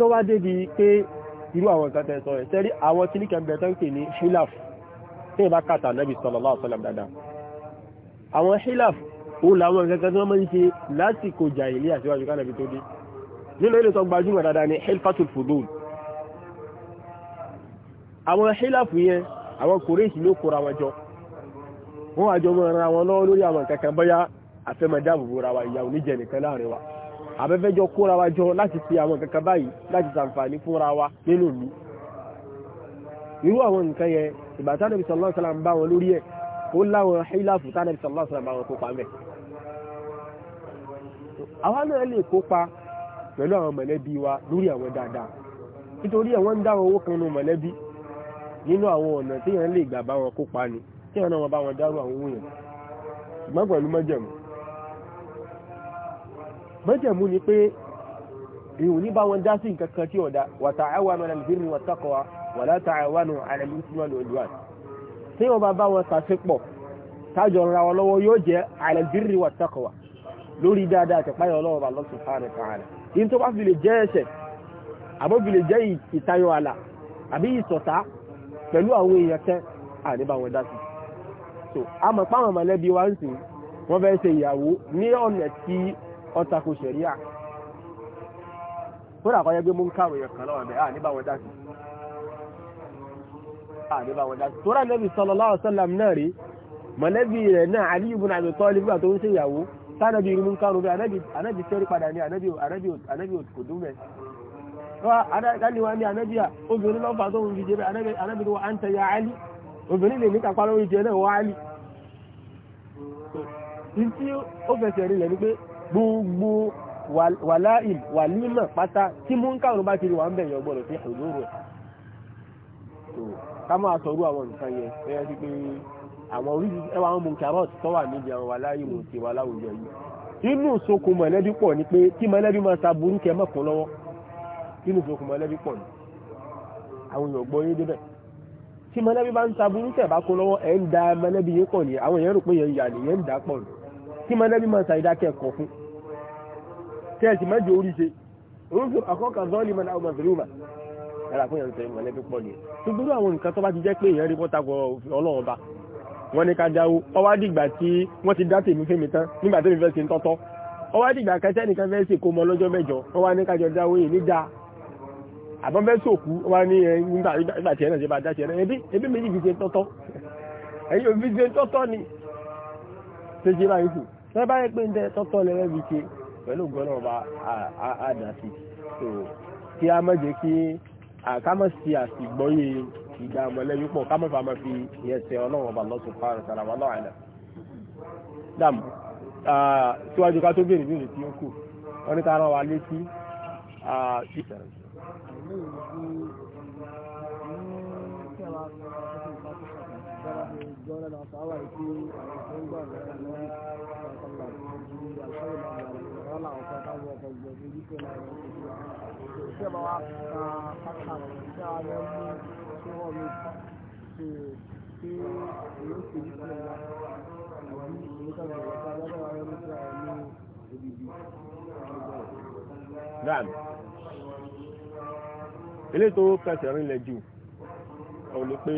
tó wá débi pé irú àwọn nǹkan tẹ́ sọ rẹ̀ sẹ́rí àwọn tí níkẹ̀ bẹ̀rẹ̀ tó ń pè ní hilaf tí ìbá kàtà nẹ́bì sallallahu alaihi wasallam dáadáa àwọn hilaf ó làwọn nǹkan tí wọ́n máa ń ṣe lásìkò jàìlì àtiwájú kánàbì tó dé nínú ilé tó gbajúmọ̀ dáadáa ní hilfatul fudul àwọn hilaf yẹn àwọn kòrèṣì ló kóra wọn jọ wọ́n àjọ mọ́ ara wọn lọ́wọ́ lórí àwọn nǹkan kan bọ́yá afẹ́mọ̀dáàbòbò ra wa ìyàwó níjẹ̀ abẹ́fẹ́jọ kóra wa jọ láti fi àwọn kankan báyìí láti sàǹfààní fúnra wa nínú ìlú irú àwọn nǹkan yẹn ìgbà tánàbí sallallahu alaihi wasallam bá wọn lórí ẹ̀ ó láwọn hílàfù tánàbí sallallahu alaihi wasallam bá wọn kópa mẹ́ àwọn náà wa lórí àwọn dáadáa nítorí àwọn ń dá owó kan nù mọ̀lẹ́bí nínú àwọn ọ̀nà tí mọ́jẹ̀mú ni pé èyí ò ní bá wọn dá sí nǹkan kan tí ọ̀dá wa ta'awanu 'alal birri wattaqwa wa la ta'awanu 'alal ithmi wal 'udwan tí wọ́n bá bá wọn sàṣepọ̀ tájọ ra wọn lọ́wọ́ yóò jẹ́ 'alal birri wattaqwa lórí dáadáa àti páyọ̀ ọlọ́wọ́ bá lọ́sùn fáàrẹ̀ fáàrẹ̀ in tó bá fi lè jẹ́ ẹ̀ṣẹ̀ àbó fi lè jẹ́ pẹ̀lú àwọn èèyàn tẹ́ àníbà wọn dá sí so a mọ̀ páwọn mọ̀lẹ́bí wa ń sìn wọ́n fẹ́ ṣe ìyàwó ní ọ̀nà tí ọ̀tàkù ṣẹ̀ríà tó rà kọ́yẹ́ gbé mú ń kàrò yẹ̀ kan lọ́wọ́ bẹ̀rẹ̀ níbà wọn dásì tó rà Nabi sallallahu alaihi wasallam náà rí mọ̀lẹ́bí rẹ̀ náà Ali ibn Abi Talib nígbà tó ń ṣe ìyàwó tánàbí irú mú ń kàrò bẹ́ anábì tẹ́rí padà ní anábì kò dún bẹ́ dáníwá ní anábì obìnrin lọ́fà tó ń fi jẹ́ Ali obìnrin lè ní kàpá lórí rí lẹ́ pé gbogbo wàláìm wàlímọ̀ pátá tí mú ń káàrùn bá ti rí wà ń bẹ̀yẹ̀ ọgbọ̀rọ̀ sí ìṣòro rẹ̀ tó ká máa sọ̀rọ̀ àwọn nǹkan yẹn ẹ̀yẹ́ sí pé àwọn oríṣi ẹwà àwọn mú kẹrọ́ọ̀tì tó wà níbi àwọn wàláìm ti wà láwùjọ yìí inú sokùn mọ̀lẹ́bí pọ̀ ni pé kí mọ̀lẹ́bí máa sa burú kẹ mọ̀kún lọ́wọ́ inú sokùn mọ̀lẹ́bí pọ̀ ni àwọn èèyàn gbọ́ yé débẹ̀ tí mọ̀lẹ́bí bá ń sa burú kẹ bá kún lọ́wọ́ ẹ̀ ń da mọ̀lẹ́bí yẹn pọ̀ ni àwọn èèyàn rò pé yẹn yà ni yẹn ń dà pọ̀ ni tí mọ̀lẹ́bí máa sa ìdákẹ́ kọ̀ fún tẹ́ẹ̀sì mẹ́jọ orí ṣe ń sọ àkọ́kà zọ́ọ̀lì mẹ́ta ọmọ ìfìlúmà ẹ̀rà fún ìyàntẹ̀ ìmọ̀lẹ́bí pọ̀ ní ṣùgbọ́n àwọn nǹkan tó bá ti jẹ́ pé èèyàn rí pọ́tàkọ̀ ọlọ́run bá wọ́n ní ká jáwó ọwá dìgbà tí wọ́n ti dá tèmi fẹ́mi tán nígbà tèmi fẹ́ sí tọ́tọ́ ọwá dìgbà kẹtẹ́ nìkan fẹ́ sí kó mọ lọ́jọ́ mẹ́jọ ọwá ní kájọ jáwó yìí níjà àbọ̀n fẹ́ ni ṣe ṣe báyìí kù tẹ́ báyìí pẹ̀lú gbọ́nà ọba àdàsí so kí a má jẹ́ kí àkámọ́ sí àsìgbọ́yé ìgbà mọ̀lẹ́bí pọ̀ ká mọ̀fà máa fi ìyẹn ṣe ọlọ́run ọba lọ́sùn fún àrùn sàràwà náà àìlẹ̀. dam síwájú ká tó béèrè béèrè tí ó kù wọ́n ní ká rán wa létí Thank you. ìjọba wa pátá tí a lọ mú tí a lọ́dọ̀ wa lọ́dọ̀ tí a lọ ní òbíbí. Dad, ilé tó fẹsẹ̀ rinlẹ̀ jù, òun ni pé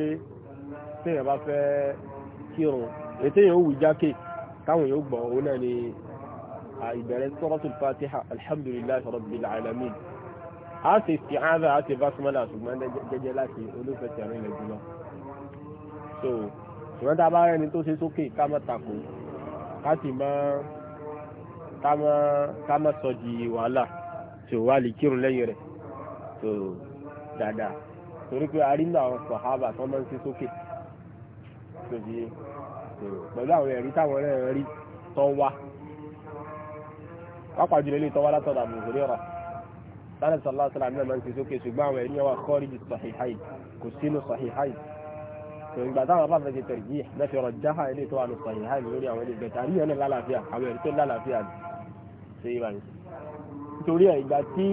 téèyàn bá fẹ́ kírun, ètèèyàn ó wù jákè, táwọn èèyàn ó gbọ́ náà ni ìbẹ̀rẹ̀ suratul fatiha alhamdulillahi rabbil alamin a ṣe ti áza a ṣe basmala ṣùgbọ́n jẹ́jẹ́ láti olúfẹsẹ̀ rìn lẹ̀ jùlọ so ṣùgbọ́n tá a bá rẹ̀ ni tó ṣe sókè ká má takò ká sì má ká má sọ di wàhálà tí ò wá lè kírun lẹ́yìn rẹ̀ so dáadáa torí pé a rí nínú àwọn sàhábà tó máa ń ṣe sókè tó fi pẹ̀lú àwọn ẹ̀rí táwọn ẹ̀rẹ́ rí tó wá pápá jùlọ ilé ìtọ́wá látọ̀dọ̀ àbùkù rírọ̀ sáré sọlá sọlá àmì náà ń fi sókè ṣùgbọ́n àwọn ẹ̀rí wa kọ́ríjì sọ̀hìháì kò sínú sọ̀hìháì tó ìgbà táwọn bá fẹ́ ṣe tẹ̀rí yìí lẹ́fi ọ̀rọ̀ jáhà ilé ìtọ́wá lọ sọ̀hìháì lórí àwọn ilé ìgbẹ̀ta àríyàn náà lálàáfíà àwọn ẹ̀rí tó lálàáfíà ṣe é báyìí nítorí ẹ̀ ìgbà tí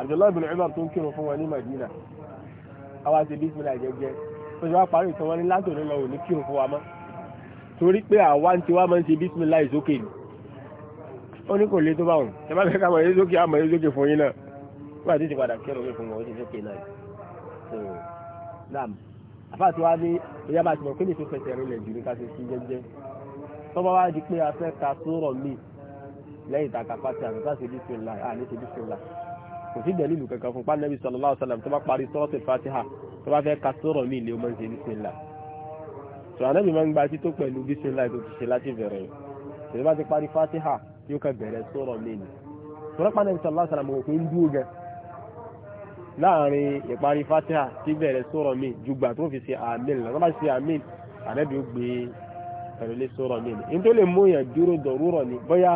Abdullahi bin Umar tó ń kírun fún wọn ní Madina àwa ti bísímìlà jẹjẹ tó ṣe wá parí ìtàn wọn ní látòlélọ́wọ́ ní kírun fún wa mọ́ torí pé àwa ń tiwa máa ń ṣe bísímìlà ìsókè ni ó ní kò lé tó bá wọn ẹ bá fẹ́ ká mọ̀ eréṣókè àmọ̀ eréṣókè fún yín náà wọ́n àti ti padà kẹ́rù mi fún wọn ó ti sókè náà so naam àfáàtì wa ní ìyá bá ti mọ̀ pé ní ìfẹ́ fẹsẹ̀ rinlẹ̀ jù ká ṣe sí jẹ́jẹ́ tó bá di pé a fẹ́ ka sórọ̀ mi lẹ́yìn ìtàkà pàṣẹ àmì ká ṣe bísíńlá à ní ṣe bísíńlá kò sí dẹ̀lílù kankan fún pánẹ́bí sallallahu alaihi wasallam tó bá parí sọ́ọ̀tì fatiha tó bá fẹ́ ka sórọ̀ mi lè mọ̀ ṣe bísíńlá sọ ànábì máa ń gba tító pẹ̀lú bísíńlá tó ti ṣe láti bẹ̀rẹ̀ yìí bá ti parí fatiha yóò kà bẹ̀rẹ̀ sọ̀rọ̀ lẹ́nu tọ́lọ́pàá náà sọ̀rọ̀ lásàrà mọ̀ òkú ń dúró gan láàrin ìparí fatiha tí bẹ̀rẹ̀ sọ̀rọ̀ mi ju gbà tó fi ṣe àmín lọ́wọ́ bá ṣe àmín àdẹ́bí ó gbé pẹ̀lú lé sọ̀rọ̀ mi ni ní tó lè mú yàn dúró dọ̀rúrọ̀ ni bóyá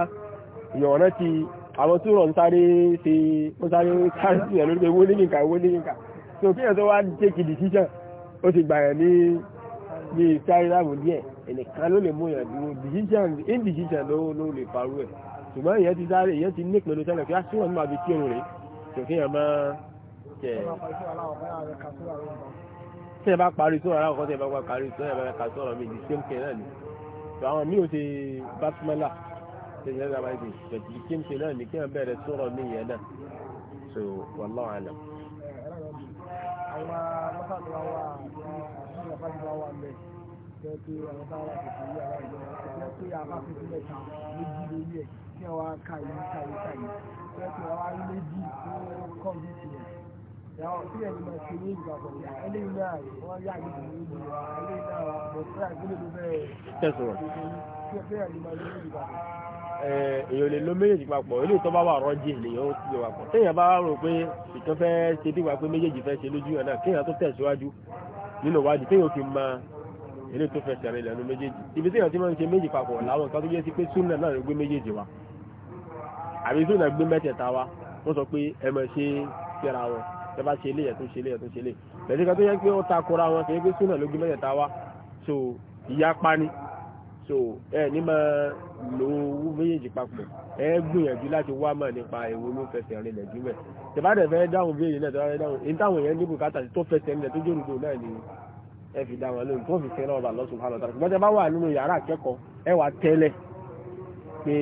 yàn ọ̀rẹ́ ti àwọn tó rọ̀ ń sáré ṣe ó sáré káàsì yàn lórí pé wó ní nìkan wó ní tó kí yàn tó wá jẹ́ kìdì ó ti gbà yàn ní bí sáré láàbò díẹ̀ ẹnìkan ló lè mú yàn dúró indecision ló ló lè parú ẹ̀ ṣùgbọ́n ìyẹn ti sáré ìyẹn ti ní ìpinnu tẹ́lẹ̀ kí á síwọ̀n ní màbí kírun rẹ̀ kò kí yàn máa tẹ̀. tí ẹ bá parí sóra aláwọ̀ kan tí ẹ bá parí sóra ẹ bá ka sóra mi di same thing náà ni tó àwọn míì ò ṣe bátímọ́là tí ẹ bá ti pẹ̀tì same thing náà ni kí wọ́n bẹ̀rẹ̀ sóra mi yẹn náà so wallahu alam. àwọn mọ́tàdúrà wà ní àwọn ọ̀pá ìlú wa mẹ́ jẹ́ pé àwọn bá wà tètè yí ara ìjọba àti pé àbá fi sílẹ̀ kan méjì lórí ẹ̀ kí wọ́n wá ka ìlú ka ìlú ka ìlú jẹ́ pé wọ́n wá rí méjì tó kọ́ bí tiẹ̀. Ìyàwó tí ẹ̀ ní máa ṣe ní ìgbà pọ̀ ní ẹlẹ́yìn náà wọ́n yá ní ìlú ìlú ẹlẹ́yìn náà wà bọ̀ sí àgbélé ló bẹ́ẹ̀. Tẹ̀sọ̀rọ̀. Kí ẹ fẹ́ràn ní máa lé ní ìgbà pọ̀. Èèyàn lè lo méjèèjì papọ̀, eléyìí tó bá wà rọ́jì lèyàn ó ti wà pọ̀. Téèyàn bá rò pé ìkan fẹ́ ṣe bí wà pé méjèèjì fẹ́ ṣe lójú ẹ̀ náà, kéèyàn tó tẹ̀síwájú nínú ìwádìí téèyàn fi mọ ilé tó fẹsẹ̀ rìn lẹ́nu méjèèjì ibi téèyàn ti máa ń ṣe méjì papọ̀ láwọn nǹkan tó yẹ sí pé súnà náà gbé méjèèjì wa àbí súnà gbé mẹ́tẹ̀ẹ̀ta wa wọ́n sọ pé ẹ mọ̀ ṣe síra wọn ẹ bá ṣe ilé yẹn tó ṣe ilé yẹn tó ṣe ilé pẹ̀lú kan tó yẹ pé ó takora wọn kì í pé súnà ló gbé mẹ́tẹ̀ẹ̀ta wa so ìyapa ni so ẹ ní máa lo owó méjèèjì papọ̀ ẹ gbìyànjú láti wá mọ̀ nípa èwo ló fẹsẹ̀ rìn lẹ̀ jùlọ tẹ̀bádẹ̀ fẹ́ dáhùn bí èyí náà tẹ̀bádẹ̀ dáhùn èyí táwọn èèyàn ní bùkátà tó fẹsẹ̀ rìn lẹ̀ tó jẹ́ òdodo náà ni ẹ fi dá wọn lóhùn tó fi fẹ́ràn ọba lọ́sùn fún àlọ́tà ṣùgbọ́n tẹ́ bá wà nínú yàrá akẹ́kọ̀ọ́ ẹ wà tẹ́lẹ̀ pé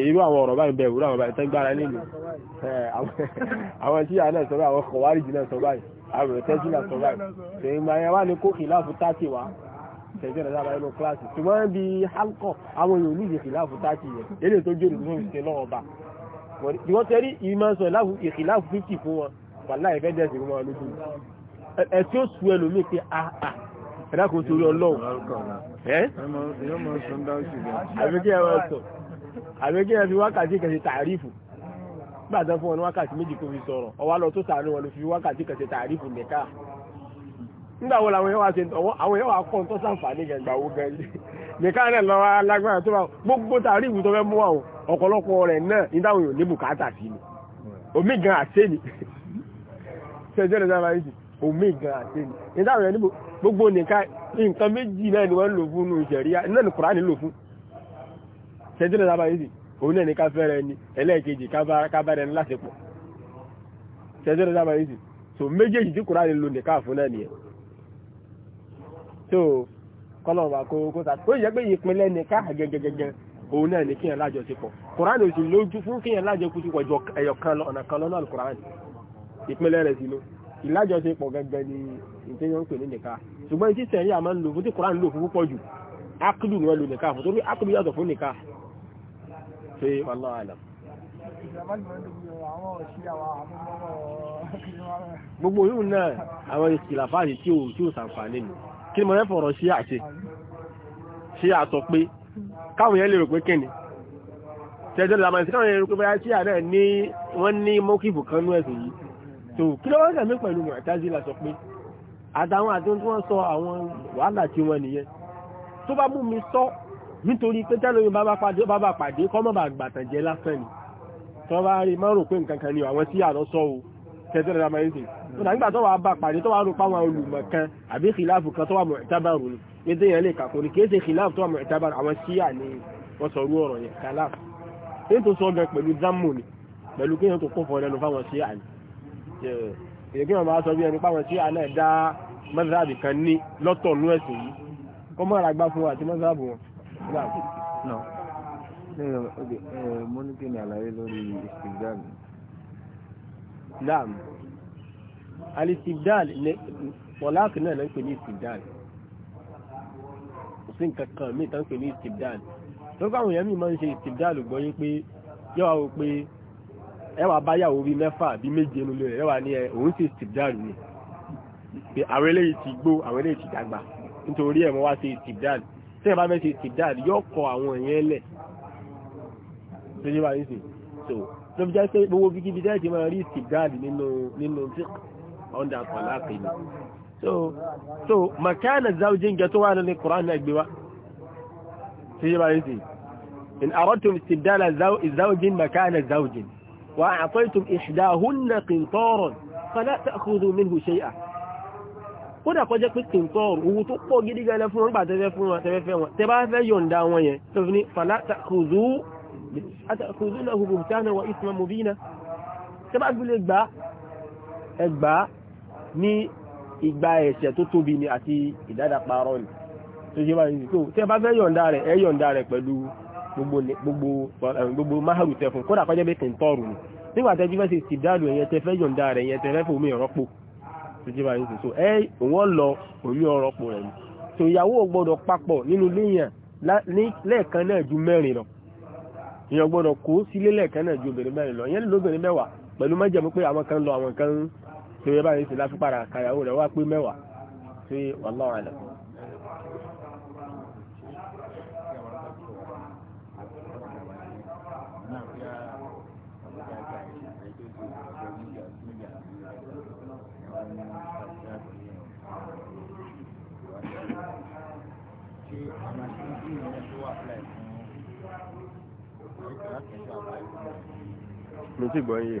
èyí àwọn ọ̀rọ̀ báyìí bẹ̀rù àwọn ọ̀rọ̀ tẹ́ gbára nílùú àwọn tí a náà sọ báyìí àwọn kọ̀wárìjì náà sọ báyìí àwọn ìrẹ̀tẹ́jì náà sọ báyìí tẹ̀yìn máa yẹn wá ní kókì láàfin táàtì wá tẹ̀síọ̀nà dábàá inú kíláàsì ṣùgbọ́n bí alkọ̀ àwọn èèyàn olú ìyèkì láàfù táàkì yẹn eré tó jòrò tó fi ṣe lọ́wọ́ bá wọ́n tẹ́rí ìmọ̀sán láàfù ìyèkì láàfù fífì fún wọn wàlá ìfẹ́ dẹ̀sì fún wọn lójú ẹ̀sí ó sùn ẹlòmíì pé àà ẹ̀dá kò sórí ọlọ́run ẹ́ àbíkí ẹ̀ fi wákàtí kẹsì tààrífù gbàdán fún wọn ní wákàtí méjì kó fi sọ̀rọ̀ ọwá lọ tó sàánú wọn ló fi wákàtí kẹsì tààrífù nìkan nígbàwó làwọn èèyàn wá ṣe àwọn èèyàn wá kọ́ tó sàǹfààní gẹ̀gbà owó gan yìí nìkan náà lọ́wọ́ alágbára tó bá gbogbo tàrí ìwú tó fẹ́ mú àwọn ọ̀pọ̀lọpọ̀ rẹ̀ náà ní táwọn èèyàn ní bùkátà sí ni omi gan àṣẹ ni ṣẹjọ́ ní sábà yìí omi gan àṣẹ ni ní táwọn èèyàn ní gbogbo nìkan nǹkan méjì náà ni wọ́n lò fún nù ìṣẹ̀ríyà náà ní Kùránì lò fún ṣẹjọ́ ní sábà yìí òun náà ní ká fẹ́rẹ̀ ni ẹlẹ́ẹ̀kejì ká so méjèèjì tí Kùránì lò nìkan fún náà tó kọ́lọ̀ wà kó kó sà tó yẹ pé ìpínlẹ̀ ní ká gẹ́gẹ́gẹ́gẹ́ òun náà ní kíyàn lájọṣepọ̀ kùránì òsì lójú fún kíyàn lájọṣepọ̀ jọ ẹ̀yọ̀ kan lọ ọ̀nà kan lọ́nà kùránì ìpínlẹ̀ rẹ̀ sí ló ìlájọṣepọ̀ gẹ́gẹ́ ni ìtẹ́yàn ń pè ní nìka ṣùgbọ́n tí sẹ̀yìn àmọ́ ń lò fún tí kùránì lò fún púpọ̀ jù ákìlù ni wọ́n lò nìka fún torí ákìlù yàtọ̀ fún nìka ṣe wàlá àlà gbogbo yóò náà àwọn ìsìlàfáàdì tí ò sàǹfààní ni kí ni mo fẹ́ fọ̀rọ̀ sí àṣẹ ṣe àsọ pé káwọn yẹn lè rò pé kíni tẹ́jọ́ lè lámàá sí káwọn yẹn rò pé báyá sí àná ní wọ́n ní mọ́kìfù kan nú ẹ̀sìn yìí tó kí ló wọ́n kàmí pẹ̀lú mọ̀tàzí là sọ pé àtàwọn àti tí wọ́n sọ àwọn wàhálà tí wọ́n nìyẹn tó ni tó bá rí márùn pé nǹkan kan tó dàgbà tó wà bá pàdé tó wà rò páwọn olùmọ̀ kan àbí kìláàfù kan tó wà mu'tabaru ni ní tó yẹn lè kàkó ni kìí ṣe kìláàfù tó wà mu'tabaru àwọn síyà ni wọ́n sọ orú ọ̀rọ̀ yẹn kàláàfù ní tó sọ gan pẹ̀lú dámù ni pẹ̀lú kéèyàn tó kún fọ́ọ̀lẹ́nu fáwọn síyà ni alistibdal pọ̀láàkì náà ló ń pè ní istibdal òsín kankan míì tán pè ní istibdal tó kọ́ àwọn èèyàn míì máa ń ṣe istibdal gbọ́yé pé yọ́wà ó pé ẹwà báyàwó bí mẹ́fà bí méje nílé rẹ̀ yọ́wà ní ẹ òun sì istibdal ni pé àwọn eléyìí ti gbó àwọn eléyìí ti dàgbà nítorí ẹ̀ wọ́n wá ṣe istibdal tí ẹ bá fẹ́ ṣe istibdal yọ́ kọ àwọn èèyàn lẹ̀ tó yé wa ní sìn so tó fi jẹ́ pé gbogbo bíkíbi tẹ́ẹ̀tì máa rí istibdal nínú nínú ọ̀ndà àpàlákì ni so so makana zaujin ga tó wà ní Qur'an náà gbé wa sí yíba yìí sí in aradtum istibdala zaujin makana zaujin wa a'taytum ihdahunna qintaran fala ta'khudhu minhu shay'a kódà kọjẹ́ pé kìntọ́ọ̀rù owó tó pọ̀ gidi gẹ́lẹ́ fún ọgbà tẹ́fẹ́ fún wọn tẹ́fẹ́fẹ́ wọn tẹ́ bá fẹ́ yọ̀nda wọn yẹn tó fi ní fàlátàkùzú náà hùbùtánà wà ìsìnmà mòbínà tẹ́ bá fi lè gbá ẹgbà ní ìgbà ẹ̀ṣẹ̀ tó tóbi ni àti ìdádàparọ́ ni tó ṣe bá yìí tó tẹ́ bá fẹ́ yọ̀ǹda rẹ̀ ẹ yọ̀ǹda rẹ̀ pẹ̀lú gbogbo máhàrù tẹ fún kódà kọjẹ́ bẹ́tẹ̀ ń tọrù ni nígbà tẹ́ jífẹ́ sí ti dálù ẹ̀yẹ tẹ́ fẹ́ yọ̀ǹda rẹ̀ ẹ̀yẹ tẹ́ fẹ́ fòmí ọ̀rọ̀pò tó ṣe bá yìí tó ẹ òun lọ òmí ọ̀rọ̀pò rẹ̀ ni tó ìyàwó gbọ́dọ̀ papọ̀ nínú léèyàn lẹ́ẹ̀kan náà ju mẹ́rin lọ èèyàn gbọ́dọ̀ kó sílé lẹ́ẹ̀kan náà ju obìnrin mẹ́rin lọ ìyẹn lóbìnrin mẹ́wàá pẹ̀lú mẹ́jẹ̀mú pé àwọn kan lọ àwọn kan ń tó yẹ báyìí sí láti padà kàyàwó rẹ̀ wá pé mẹ́wàá tó yẹ wallahu alam. mi ti gbọ́ yìí.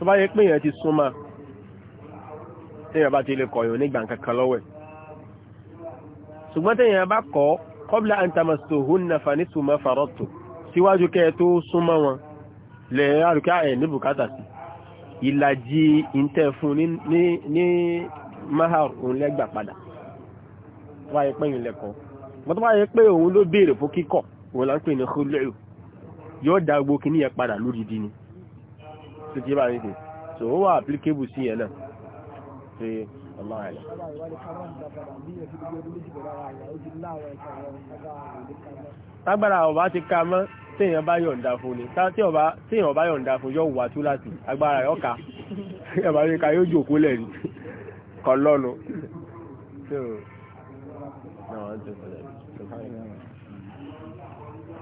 tó bá yẹ pé èèyàn ti súnmọ́ téèyàn bá ti lè kọ̀yàn nígbà kankan lọ́wọ́ ẹ̀ ṣùgbọ́n téèyàn bá kọ́ kọ́bílá antamassohunna fanisuma farọ́tò síwájú kẹ́ tó súnmọ́ wọn lè àrùkà ẹ̀ ní bùkátà sí ìlàjì ìntẹ́ fún ní mahar òun lẹ́gbà padà tó bá yẹ pé èèyàn lẹ́kọ̀ọ́ wọ́n tó bá yẹ pé òun ló béèrè fún kíkọ̀ òun là ń tó ti bá ní sè so ó wà applicable sí yẹn náà ṣe ọlọ́run àìlẹ̀. tágbára ọba ti ka mọ́ téèyàn bá yọ̀ǹda fún ni téèyàn bá yọ̀ǹda fún yóò wà tú láti agbára yóò ka téèyàn bá yọ̀ǹda yóò jòkó lẹ́yìn kọ́ lọ́nu.